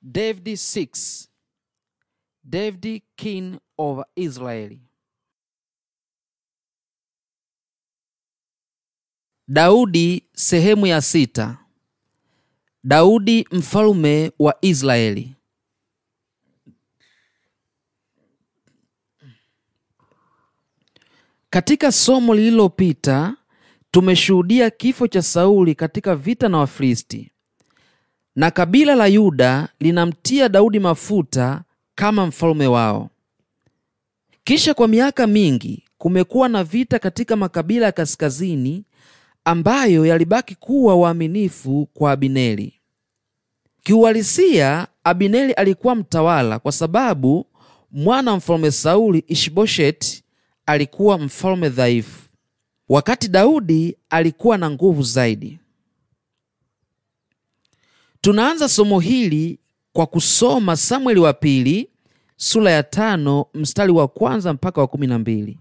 David 6 David king of Israel. Daudi sehemu ya sita. Daudi mfalme wa Israeli. Katika somo lililopita tumeshuhudia kifo cha Sauli katika vita na Wafilisti na kabila la Yuda linamtia Daudi mafuta kama mfalme wao. Kisha kwa miaka mingi kumekuwa na vita katika makabila ya kaskazini ambayo yalibaki kuwa waaminifu kwa Abineri. Kiuhalisia, Abineri alikuwa mtawala kwa sababu mwana mfalme Sauli Ishbosheti alikuwa mfalme dhaifu, wakati Daudi alikuwa na nguvu zaidi. Tunaanza somo hili kwa kusoma Samueli wa pili sula ya tano mstari wa kwanza mpaka wa kumi na mbili.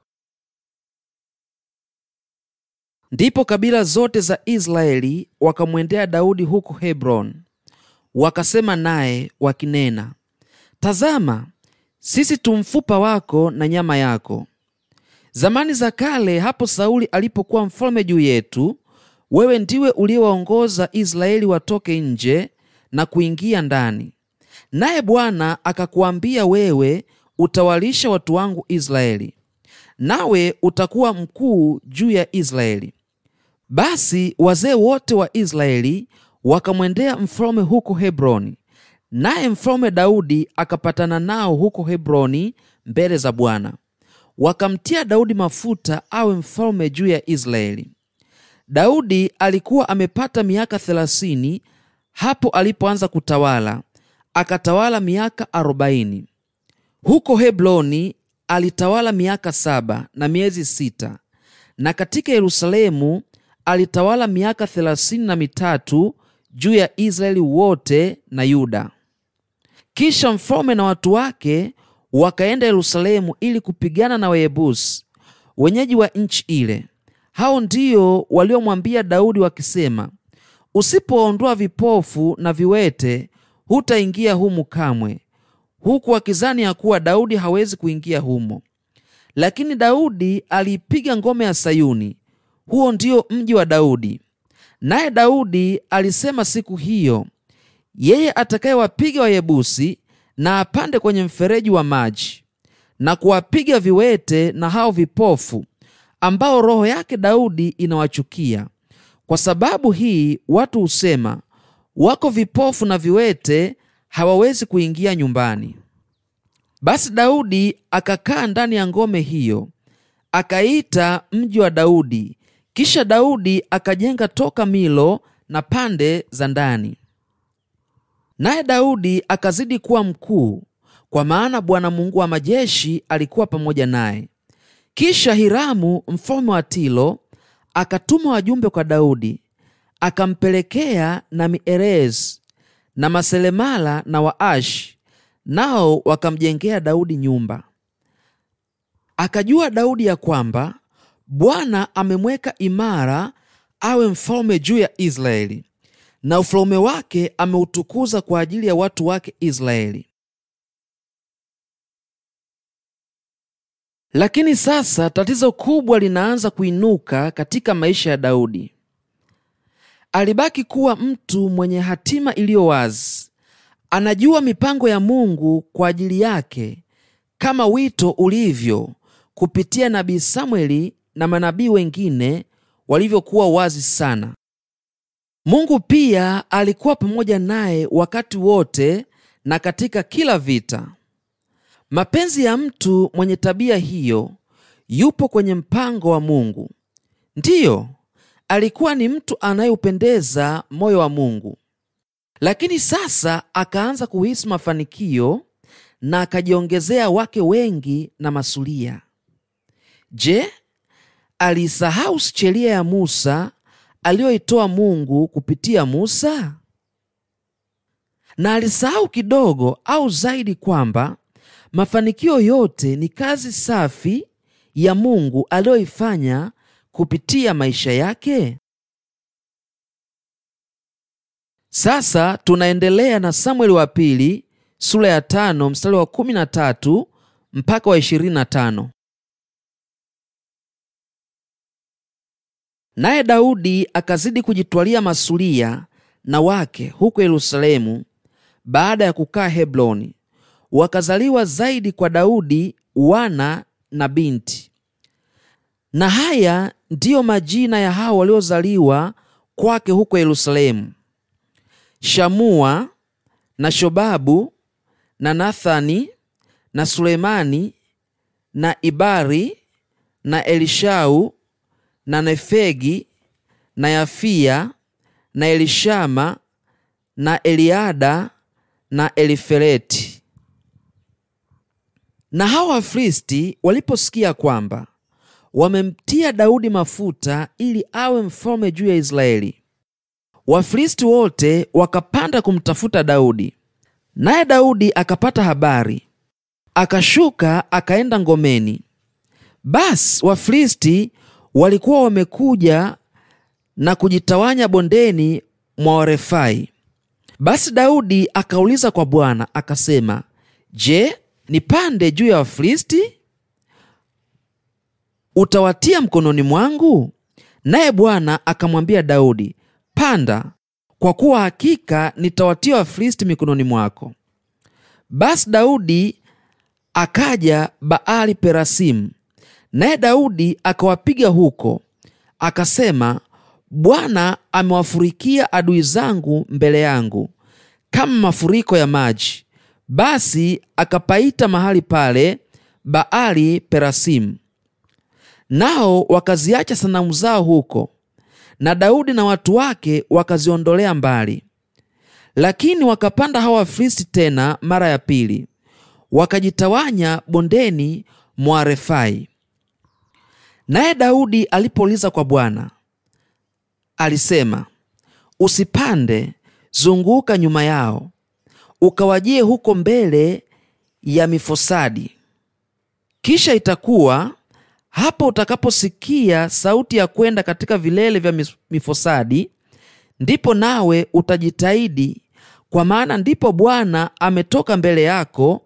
Ndipo kabila zote za Israeli wakamwendea Daudi huko Hebroni, wakasema naye wakinena, tazama, sisi tumfupa wako na nyama yako. Zamani za kale, hapo Sauli alipokuwa mfalme juu yetu, wewe ndiwe uliyewaongoza Israeli watoke nje na kuingia ndani, naye Bwana akakuambia wewe, utawalisha watu wangu Israeli, nawe utakuwa mkuu juu ya Israeli. Basi wazee wote wa Israeli wakamwendea mfalume huko Hebroni, naye mfalume Daudi akapatana nao huko Hebroni mbele za Bwana. Wakamtia Daudi mafuta awe mfalume juu ya Israeli. Daudi alikuwa amepata miaka thelathini hapo alipoanza kutawala, akatawala miaka arobaini. Huko Hebroni alitawala miaka saba na miezi sita, na katika Yerusalemu alitawala miaka thelathini na mitatu juu ya Israeli wote na Yuda. Kisha mfalume na watu wake wakaenda Yerusalemu ili kupigana na Wayebusi wenyeji wa nchi ile. Hao ndio waliomwambia Daudi wakisema, usipoondoa vipofu na viwete hutaingia humu kamwe, huku wakizani ya kuwa Daudi hawezi kuingia humo. Lakini Daudi aliipiga ngome ya Sayuni, huo ndio mji wa Daudi. Naye Daudi alisema siku hiyo, yeye atakayewapiga Wayebusi na apande kwenye mfereji wa maji na kuwapiga viwete na hao vipofu ambao roho yake Daudi inawachukia. Kwa sababu hii watu husema, wako vipofu na viwete, hawawezi kuingia nyumbani. Basi Daudi akakaa ndani ya ngome hiyo, akaita mji wa Daudi. Kisha Daudi akajenga toka Milo na pande za ndani. Naye Daudi akazidi kuwa mkuu, kwa maana Bwana Mungu wa majeshi alikuwa pamoja naye. Kisha Hiramu mfalme wa tilo akatuma wajumbe kwa Daudi, akampelekea na mierez na maselemala na waashi, nao wakamjengea Daudi nyumba. Akajua Daudi ya kwamba Bwana amemweka imara awe mfalme juu ya Israeli, na ufalume wake ameutukuza kwa ajili ya watu wake Israeli. Lakini sasa tatizo kubwa linaanza kuinuka katika maisha ya Daudi. Alibaki kuwa mtu mwenye hatima iliyo wazi. Anajua mipango ya Mungu kwa ajili yake kama wito ulivyo kupitia nabii Samweli na manabii wengine walivyokuwa wazi sana. Mungu pia alikuwa pamoja naye wakati wote na katika kila vita. Mapenzi ya mtu mwenye tabia hiyo yupo kwenye mpango wa Mungu. Ndiyo, alikuwa ni mtu anayeupendeza moyo wa Mungu, lakini sasa akaanza kuhisi mafanikio na akajiongezea wake wengi na masulia. Je, aliisahau sheria ya Musa aliyoitoa Mungu kupitia Musa? Na alisahau kidogo au zaidi kwamba Mafanikio yote ni kazi safi ya Mungu aliyoifanya kupitia maisha yake. Sasa tunaendelea na Samueli wa pili sura ya tano mstari wa kumi na tatu mpaka wa ishirini na tano. Naye Daudi akazidi kujitwalia masulia na wake huko Yerusalemu baada ya kukaa Hebroni wakazaliwa zaidi kwa Daudi wana na binti. Na haya ndiyo majina ya hao waliozaliwa kwake huko Yerusalemu: Shamua na Shobabu na Nathani na Sulemani na Ibari na Elishau na Nefegi na Yafia na Elishama na Eliada na Elifeleti. Na hawa Wafilisti waliposikia kwamba wamemtia Daudi mafuta ili awe mfalme juu ya Israeli, Wafilisti wote wakapanda kumtafuta Daudi. Naye Daudi akapata habari, akashuka akaenda ngomeni. Basi Wafilisti walikuwa wamekuja na kujitawanya bondeni mwa Warefai. Basi Daudi akauliza kwa Bwana akasema, Je, nipande juu ya Wafilisti? Utawatia mkononi mwangu? Naye Bwana akamwambia Daudi, panda, kwa kuwa hakika nitawatia Wafilisti mikononi mwako. Basi Daudi akaja Baali Perasimu, naye Daudi akawapiga huko, akasema, Bwana amewafurikia adui zangu mbele yangu kama mafuriko ya maji. Basi akapaita mahali pale Baali Perasimu, nao wakaziacha sanamu zao huko, na Daudi na watu wake wakaziondolea mbali. Lakini wakapanda hawa Wafilisti tena mara ya pili, wakajitawanya bondeni mwa Refai. Naye Daudi alipouliza kwa Bwana alisema, usipande, zunguka nyuma yao ukawajie huko mbele ya mifosadi. Kisha itakuwa hapo utakaposikia sauti ya kwenda katika vilele vya mifosadi, ndipo nawe utajitahidi, kwa maana ndipo Bwana ametoka mbele yako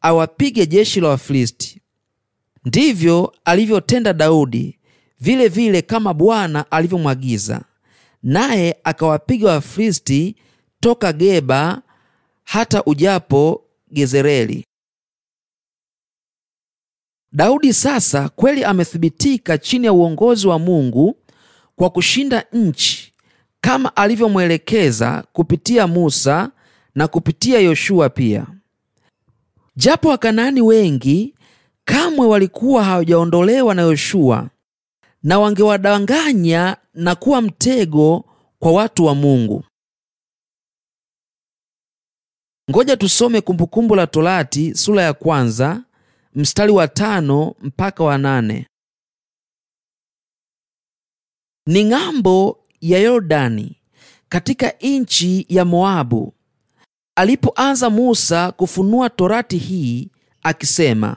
awapige jeshi la Wafilisti. Ndivyo alivyotenda Daudi vile vile kama Bwana alivyomwagiza, naye akawapiga Wafilisti toka Geba hata ujapo Gezereli. Daudi sasa kweli amethibitika chini ya uongozi wa Mungu kwa kushinda nchi kama alivyomwelekeza kupitia Musa na kupitia Yoshua pia. Japo Wakanaani wengi kamwe walikuwa hawajaondolewa na Yoshua na wangewadanganya na kuwa mtego kwa watu wa Mungu. Ngoja tusome Kumbukumbu la Torati sura ya kwanza mstari wa tano mpaka wa nane. Ni ng'ambo ya Yordani katika nchi ya Moabu alipoanza Musa kufunua Torati hii akisema,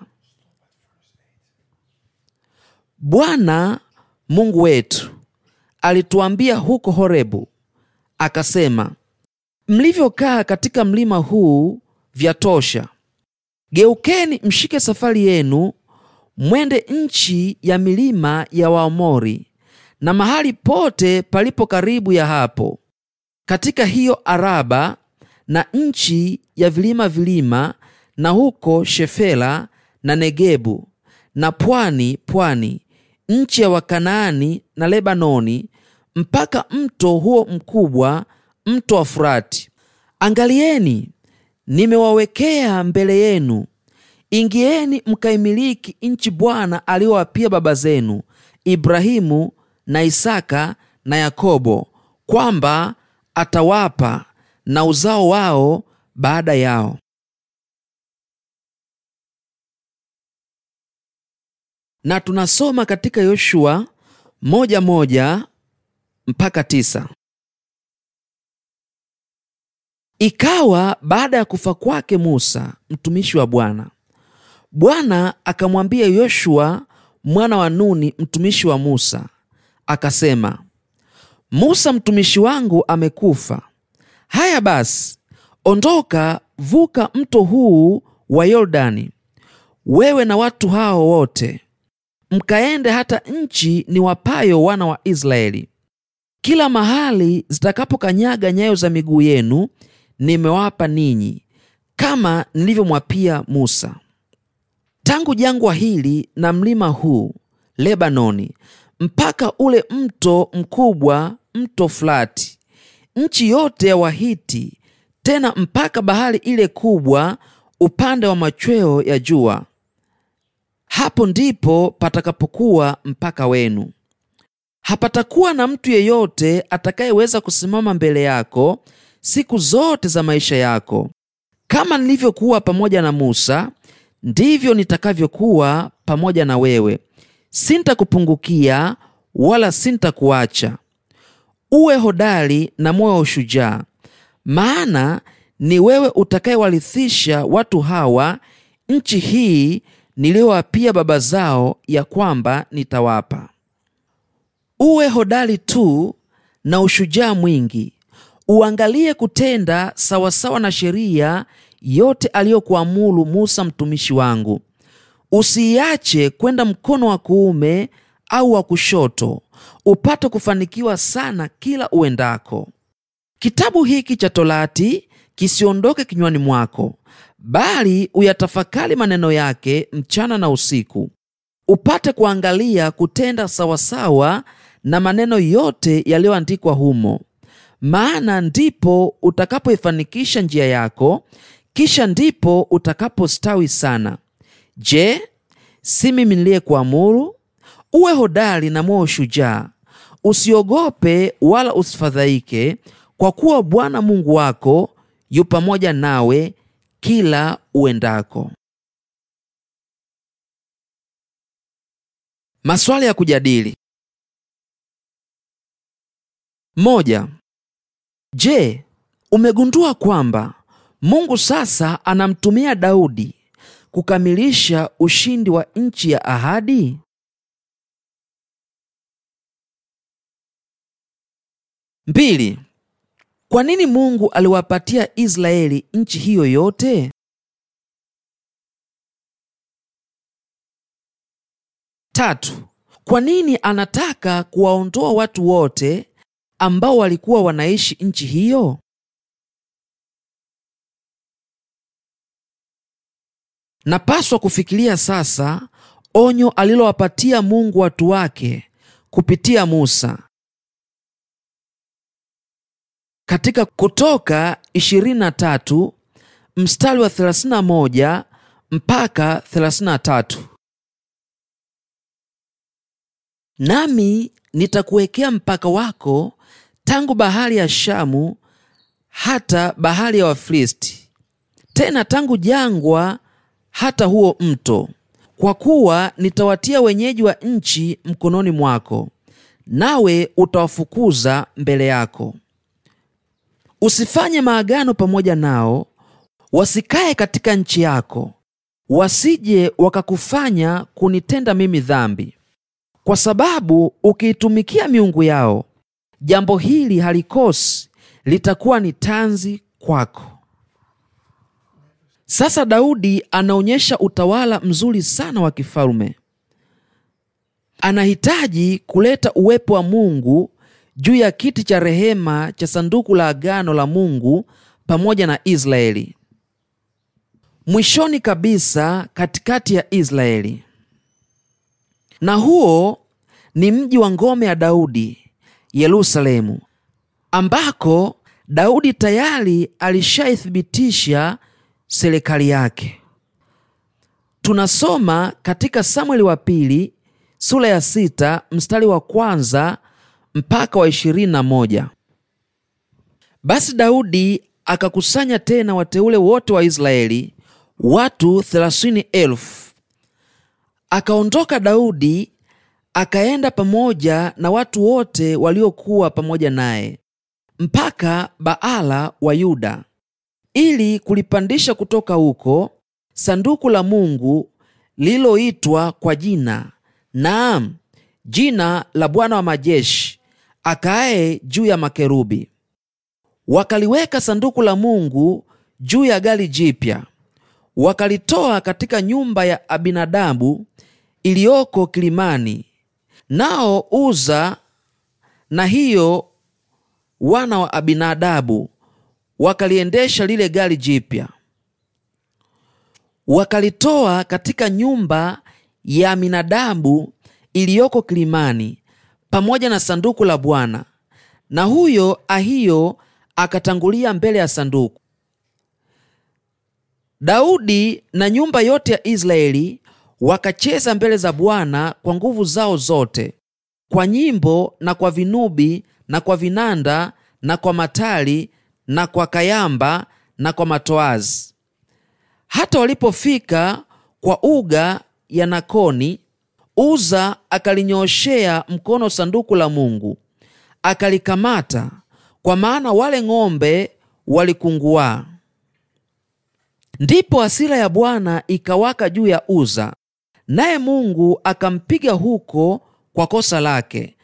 Bwana Mungu wetu alituambia huko Horebu akasema mlivyokaa katika mlima huu vyatosha. Geukeni mshike safari yenu, mwende nchi ya milima ya Waamori na mahali pote palipo karibu ya hapo, katika hiyo Araba na nchi ya vilima vilima, na huko Shefela na Negebu na pwani pwani, nchi ya Wakanaani na Lebanoni, mpaka mto huo mkubwa mto wa Furati. Angalieni, nimewawekea mbele yenu, ingieni mkaimiliki nchi Bwana aliyowapia baba zenu Ibrahimu na Isaka na Yakobo, kwamba atawapa na uzao wao baada yao. Na tunasoma katika Yoshua moja moja mpaka tisa. Ikawa baada ya kufa kwake Musa mtumishi wa Bwana, Bwana akamwambia Yoshua mwana wa Nuni mtumishi wa Musa akasema, Musa mtumishi wangu amekufa. Haya basi, ondoka, vuka mto huu wa Yordani, wewe na watu hao wote, mkaende hata nchi ni wapayo wana wa Israeli. Kila mahali zitakapokanyaga nyayo za miguu yenu nimewapa ninyi, kama nilivyomwapia Musa. Tangu jangwa hili na mlima huu Lebanoni mpaka ule mto mkubwa, mto Frati, nchi yote ya Wahiti, tena mpaka bahari ile kubwa upande wa machweo ya jua, hapo ndipo patakapokuwa mpaka wenu. Hapatakuwa na mtu yeyote atakayeweza kusimama mbele yako siku zote za maisha yako. Kama nilivyokuwa pamoja na Musa, ndivyo nitakavyokuwa pamoja na wewe. Sintakupungukia wala sintakuacha. Uwe hodari na moyo wa ushujaa, maana ni wewe utakayewarithisha watu hawa nchi hii niliyowapia baba zao, ya kwamba nitawapa. Uwe hodari tu na ushujaa mwingi, uangalie kutenda sawasawa na sheria yote aliyokuamulu Musa mtumishi wangu. Usiiache kwenda mkono wa kuume au wa kushoto, upate kufanikiwa sana kila uendako. Kitabu hiki cha tolati kisiondoke kinywani mwako, bali uyatafakali maneno yake mchana na usiku, upate kuangalia kutenda sawasawa na maneno yote yaliyoandikwa humo maana ndipo utakapoifanikisha njia yako, kisha ndipo utakapostawi sana. Je, si mimi niliyekuamuru? Uwe hodari na moyo shujaa, usiogope wala usifadhaike, kwa kuwa Bwana Mungu wako yu pamoja nawe kila uendako. Maswali ya kujadili: moja. Je, umegundua kwamba Mungu sasa anamtumia Daudi kukamilisha ushindi wa nchi ya ahadi? Mbili, kwa nini Mungu aliwapatia Israeli nchi hiyo yote? Tatu, kwa nini anataka kuwaondoa watu wote ambao walikuwa wanaishi nchi hiyo? Napaswa kufikiria sasa onyo alilowapatia Mungu watu wake kupitia Musa katika Kutoka 23 mstari wa 31 mpaka 33: nami nitakuwekea mpaka wako tangu bahari ya Shamu hata bahari ya Wafilisti, tena tangu jangwa hata huo mto, kwa kuwa nitawatia wenyeji wa nchi mkononi mwako, nawe utawafukuza mbele yako. Usifanye maagano pamoja nao, wasikaye katika nchi yako, wasije wakakufanya kunitenda mimi dhambi, kwa sababu ukiitumikia miungu yao Jambo hili halikosi, litakuwa ni tanzi kwako. Sasa Daudi anaonyesha utawala mzuri sana wa kifalume Anahitaji kuleta uwepo wa Mungu juu ya kiti cha rehema cha sanduku la agano la Mungu pamoja na Israeli. Mwishoni kabisa katikati ya Israeli. Na huo ni mji wa ngome ya Daudi Yerusalemu, ambako Daudi tayari alishaithibitisha serikali yake. Tunasoma katika Samueli wa pili sura ya sita mstari wa kwanza mpaka wa ishirini na moja. Basi Daudi akakusanya tena wateule wote wa Israeli watu thelathini elfu. Akaondoka Daudi akaenda pamoja na watu wote waliokuwa pamoja naye mpaka Baala wa Yuda ili kulipandisha kutoka huko sanduku la Mungu liloitwa kwa jina, naam, jina la Bwana wa majeshi akaye juu ya makerubi. Wakaliweka sanduku la Mungu juu ya gari jipya, wakalitoa katika nyumba ya Abinadabu iliyoko kilimani Nao Uza na hiyo wana wa Abinadabu wakaliendesha lile gari jipya, wakalitoa katika nyumba ya Aminadabu iliyoko kilimani, pamoja na sanduku la Bwana. Na huyo Ahiyo akatangulia mbele ya sanduku. Daudi na nyumba yote ya Israeli Wakacheza mbele za Bwana kwa nguvu zao zote, kwa nyimbo na kwa vinubi na kwa vinanda na kwa matali na kwa kayamba na kwa matoazi. Hata walipofika kwa uga ya Nakoni, Uza akalinyooshea mkono sanduku la Mungu akalikamata, kwa maana wale ng'ombe walikunguaa. Ndipo hasira ya Bwana ikawaka juu ya Uza naye Mungu akampiga huko kwa kosa lake,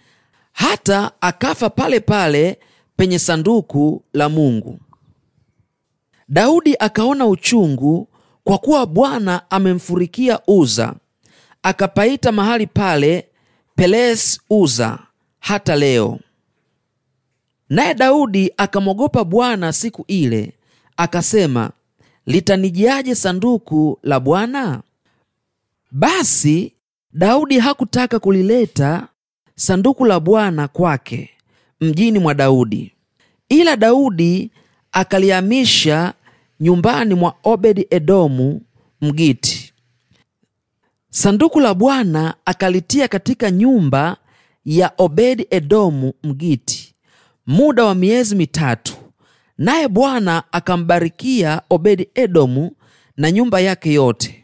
hata akafa pale pale penye sanduku la Mungu. Daudi akaona uchungu kwa kuwa Bwana amemfurikia Uza, akapaita mahali pale Peles Uza hata leo. Naye Daudi akamwogopa Bwana siku ile, akasema litanijiaje sanduku la Bwana? Basi Daudi hakutaka kulileta sanduku la Bwana kwake mjini mwa Daudi, ila Daudi akalihamisha nyumbani mwa Obedi Edomu Mgiti. Sanduku la Bwana akalitia katika nyumba ya Obedi Edomu Mgiti muda wa miezi mitatu, naye Bwana akambarikia Obedi Edomu na nyumba yake yote.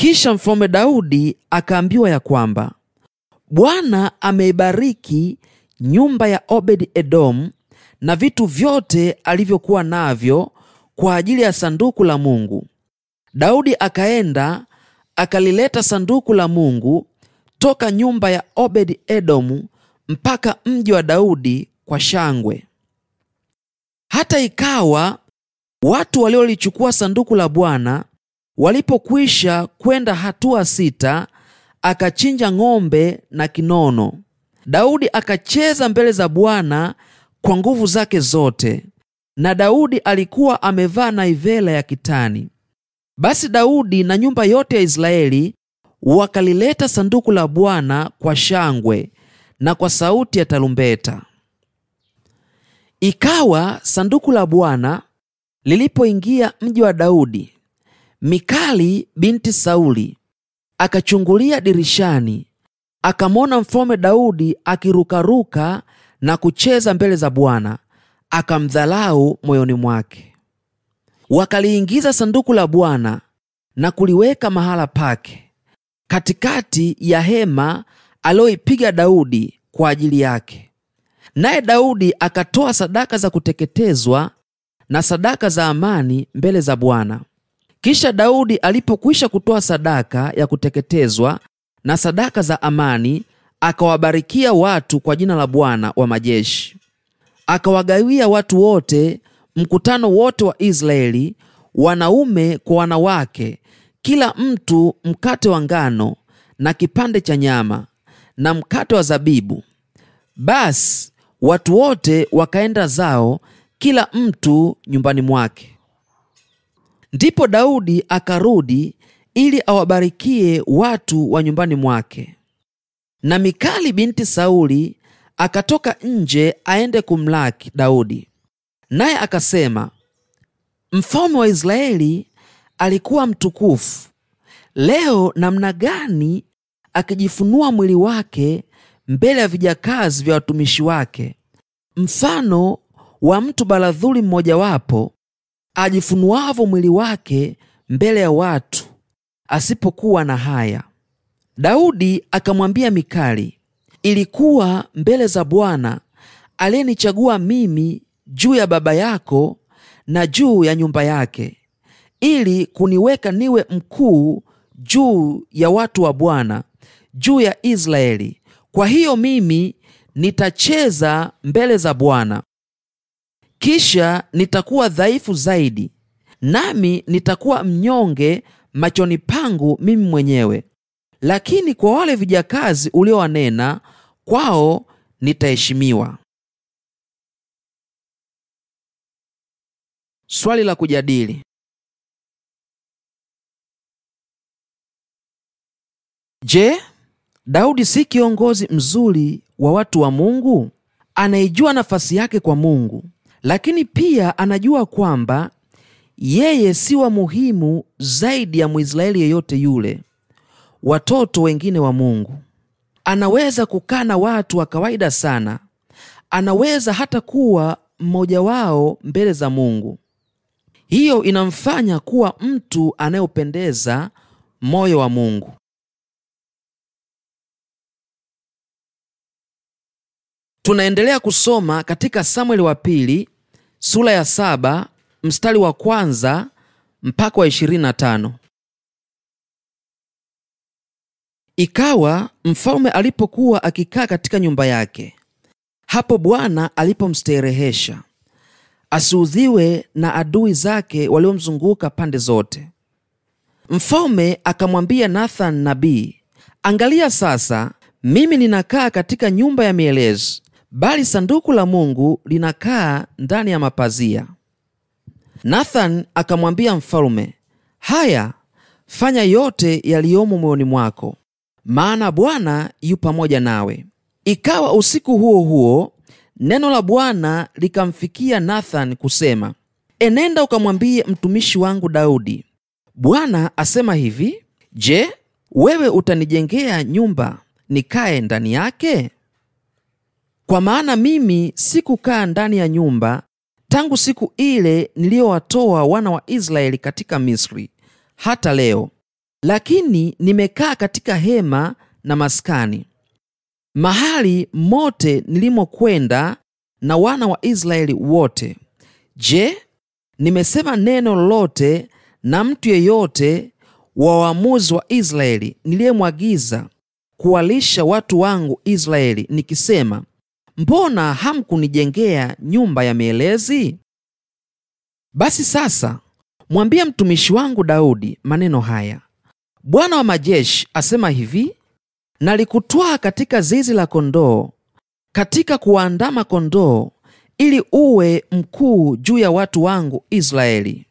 Kisha mfalme Daudi akaambiwa ya kwamba Bwana ameibariki nyumba ya Obed Edom na vitu vyote alivyokuwa navyo kwa ajili ya sanduku la Mungu. Daudi akaenda akalileta sanduku la Mungu toka nyumba ya Obed Edomu mpaka mji wa Daudi kwa shangwe. Hata ikawa watu waliolichukua sanduku la Bwana Walipokwisha kwenda hatua sita, akachinja ng'ombe na kinono. Daudi akacheza mbele za Bwana kwa nguvu zake zote, na Daudi alikuwa amevaa naivela ya kitani. Basi Daudi na nyumba yote ya Israeli wakalileta sanduku la Bwana kwa shangwe na kwa sauti ya tarumbeta. Ikawa sanduku la Bwana lilipoingia mji wa Daudi, Mikali binti Sauli akachungulia dirishani, akamwona mfalme Daudi akirukaruka na kucheza mbele za Bwana, akamdhalau moyoni mwake. Wakaliingiza sanduku la Bwana na kuliweka mahala pake katikati ya hema aliyoipiga Daudi kwa ajili yake. Naye Daudi akatoa sadaka za kuteketezwa na sadaka za amani mbele za Bwana. Kisha Daudi alipokwisha kutoa sadaka ya kuteketezwa na sadaka za amani, akawabarikia watu kwa jina la Bwana wa majeshi. Akawagawia watu wote, mkutano wote wa Israeli, wanaume kwa wanawake, kila mtu mkate wa ngano na kipande cha nyama na mkate wa zabibu. Basi watu wote wakaenda zao, kila mtu nyumbani mwake. Ndipo Daudi akarudi ili awabarikie watu wa nyumbani mwake. Na Mikali binti Sauli akatoka nje aende kumlaki Daudi, naye akasema, mfalme wa Israeli alikuwa mtukufu. Leo namna gani akijifunua mwili wake mbele ya vijakazi vya watumishi wake, mfano wa mtu baradhuli mmojawapo ajifunuavyo mwili wake mbele ya watu asipokuwa na haya. Daudi akamwambia Mikali, ilikuwa mbele za Bwana aliyenichagua mimi juu ya baba yako na juu ya nyumba yake, ili kuniweka niwe mkuu juu ya watu wa Bwana, juu ya Israeli. Kwa hiyo mimi nitacheza mbele za Bwana. Kisha nitakuwa dhaifu zaidi, nami nitakuwa mnyonge machoni pangu mimi mwenyewe. Lakini kwa wale vijakazi uliowanena, kwao nitaheshimiwa. Swali la kujadili: Je, Daudi si kiongozi mzuri wa watu wa Mungu? Anaijua nafasi yake kwa Mungu lakini pia anajua kwamba yeye si wa muhimu zaidi ya Mwisraeli yeyote yule, watoto wengine wa Mungu. Anaweza kukaa na watu wa kawaida sana, anaweza hata kuwa mmoja wao mbele za Mungu. Hiyo inamfanya kuwa mtu anayopendeza moyo wa Mungu. Tunaendelea kusoma katika Samueli wa pili sula ya saba mstari wa kwanza mpaka wa ishirini na tano. Ikawa mfalume alipokuwa akikaa katika nyumba yake hapo Bwana alipomsterehesha asiudhiwe na adui zake waliomzunguka pande zote. Mfalme akamwambia Nathan nabii, angalia sasa, mimi ninakaa katika nyumba ya mielezi, bali sanduku la Mungu linakaa ndani ya mapazia. Nathani akamwambia mfalume, haya, fanya yote yaliyomo moyoni mwako, maana Bwana yu pamoja nawe. Ikawa usiku huo huo neno la Bwana likamfikia Nathani kusema, enenda ukamwambie mtumishi wangu Daudi, Bwana asema hivi, je, wewe utanijengea nyumba nikaye ndani yake? Kwa maana mimi sikukaa ndani ya nyumba tangu siku ile niliyowatoa wana wa Israeli katika Misri hata leo, lakini nimekaa katika hema na maskani, mahali mote nilimokwenda na wana wa Israeli wote. Je, nimesema neno lolote na mtu yeyote wa waamuzi wa Israeli niliyemwagiza kuwalisha watu wangu Israeli, nikisema mbona hamkunijengea nyumba ya mielezi? Basi sasa mwambie mtumishi wangu Daudi maneno haya, Bwana wa majeshi asema hivi, nalikutwaa katika zizi la kondoo, katika kuwaandama kondoo, ili uwe mkuu juu ya watu wangu Israeli.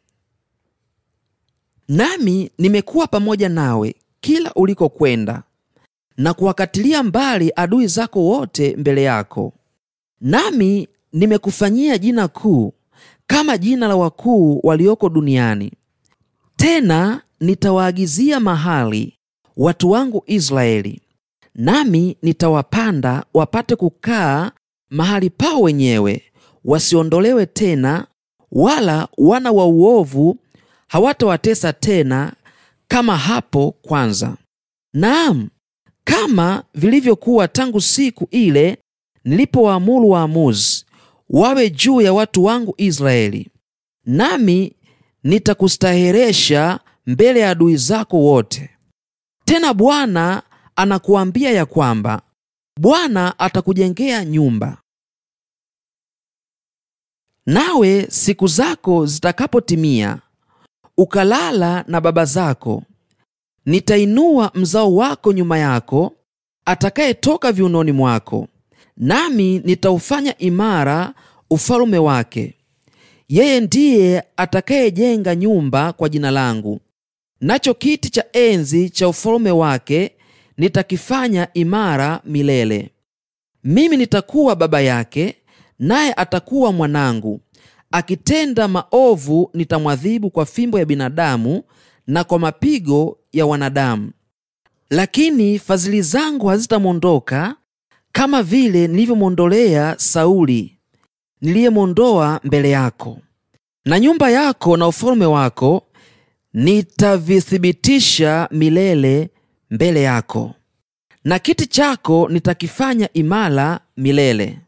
Nami nimekuwa pamoja nawe kila ulikokwenda na kuwakatilia mbali adui zako wote mbele yako. Nami nimekufanyia jina kuu kama jina la wakuu walioko duniani. Tena nitawaagizia mahali watu wangu Israeli, nami nitawapanda wapate kukaa mahali pao wenyewe, wasiondolewe tena, wala wana wa uovu hawatawatesa tena kama hapo kwanza. Naam, kama vilivyokuwa tangu siku ile nilipowaamuru waamuzi wawe juu ya watu wangu Israeli, nami nitakustaheresha mbele ya adui zako wote. Tena Bwana anakuambia ya kwamba Bwana atakujengea nyumba. Nawe siku zako zitakapotimia, ukalala na baba zako, Nitainua mzao wako nyuma yako atakayetoka viunoni mwako, nami nitaufanya imara ufalume wake. Yeye ndiye atakayejenga nyumba kwa jina langu, nacho kiti cha enzi cha ufalume wake nitakifanya imara milele. Mimi nitakuwa baba yake, naye atakuwa mwanangu. Akitenda maovu nitamwadhibu kwa fimbo ya binadamu na kwa mapigo ya wanadamu, lakini fadhili zangu hazitamwondoka kama vile nilivyomwondolea Sauli niliyemwondoa mbele yako, na nyumba yako na ufalume wako nitavithibitisha milele mbele yako, na kiti chako nitakifanya imala milele.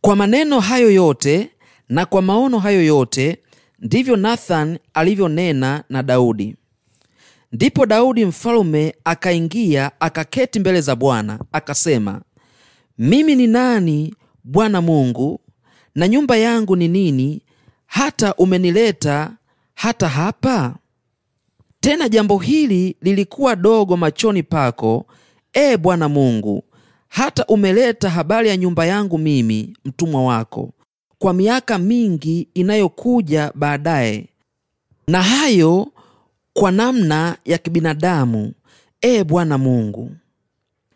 Kwa maneno hayo yote na kwa maono hayo yote Ndivyo Nathan alivyonena na Daudi. Ndipo Daudi mfalume akaingia akaketi mbele za Bwana akasema, mimi ni nani Bwana Mungu, na nyumba yangu ni nini, hata umenileta hata hapa? Tena jambo hili lilikuwa dogo machoni pako, e Bwana Mungu, hata umeleta habari ya nyumba yangu mimi mtumwa wako kwa miaka mingi inayokuja baadaye, na hayo kwa namna ya kibinadamu, e Bwana Mungu.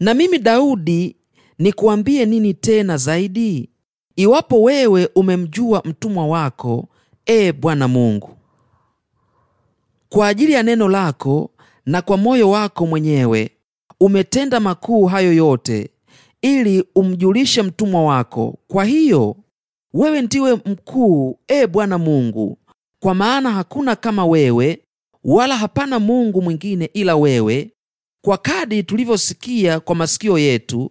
Na mimi Daudi nikuambie nini tena zaidi? Iwapo wewe umemjua mtumwa wako, e Bwana Mungu, kwa ajili ya neno lako na kwa moyo wako mwenyewe umetenda makuu hayo yote, ili umjulishe mtumwa wako. Kwa hiyo wewe ndiwe mkuu, e Bwana Mungu, kwa maana hakuna kama wewe, wala hapana Mungu mwingine ila wewe, kwa kadi tulivyosikia kwa masikio yetu.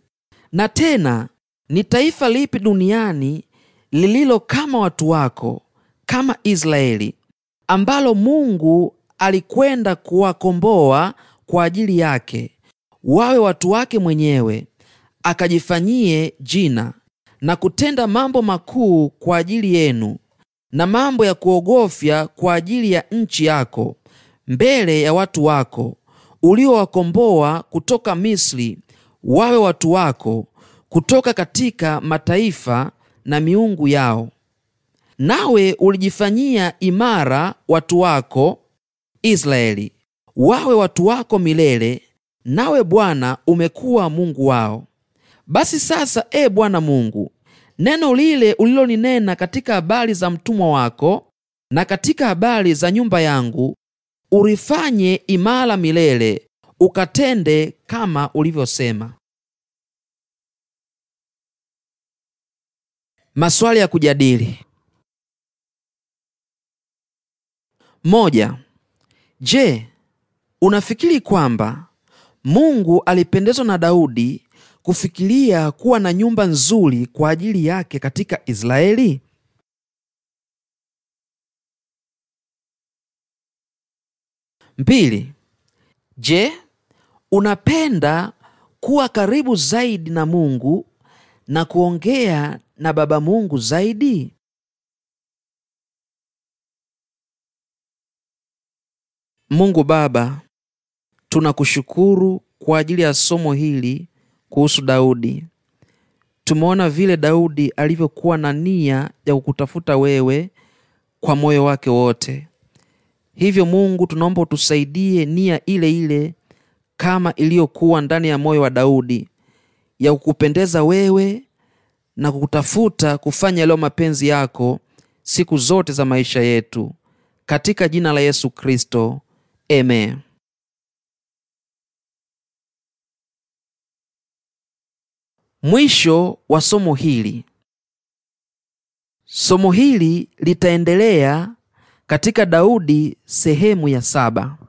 Na tena ni taifa lipi duniani lililo kama watu wako, kama Israeli, ambalo Mungu alikwenda kuwakomboa kwa ajili yake, wawe watu wake mwenyewe, akajifanyie jina na kutenda mambo makuu kwa ajili yenu na mambo ya kuogofya kwa ajili ya nchi yako mbele ya watu wako uliowakomboa kutoka Misri, wawe watu wako kutoka katika mataifa na miungu yao. Nawe ulijifanyia imara watu wako Israeli, wawe watu wako milele, nawe Bwana umekuwa Mungu wao. Basi sasa, e Bwana Mungu, neno lile uliloninena katika habari za mtumwa wako na katika habari za nyumba yangu ulifanye imara milele, ukatende kama ulivyosema. Maswali ya kujadili. Moja. Je, unafikiri kwamba Mungu alipendezwa na Daudi kufikiria kuwa na nyumba nzuri kwa ajili yake katika Israeli? Mbili. Je, unapenda kuwa karibu zaidi na Mungu na kuongea na Baba Mungu zaidi? Mungu Baba, tunakushukuru kwa ajili ya somo hili kuhusu Daudi. Tumeona vile Daudi alivyokuwa na nia ya kukutafuta wewe kwa moyo wake wote. Hivyo Mungu, tunaomba utusaidie nia ile ile kama iliyokuwa ndani ya moyo wa Daudi ya kukupendeza wewe na kukutafuta kufanya leo mapenzi yako siku zote za maisha yetu, katika jina la Yesu Kristo, amen. Mwisho wa somo hili. Somo hili litaendelea katika Daudi sehemu ya saba.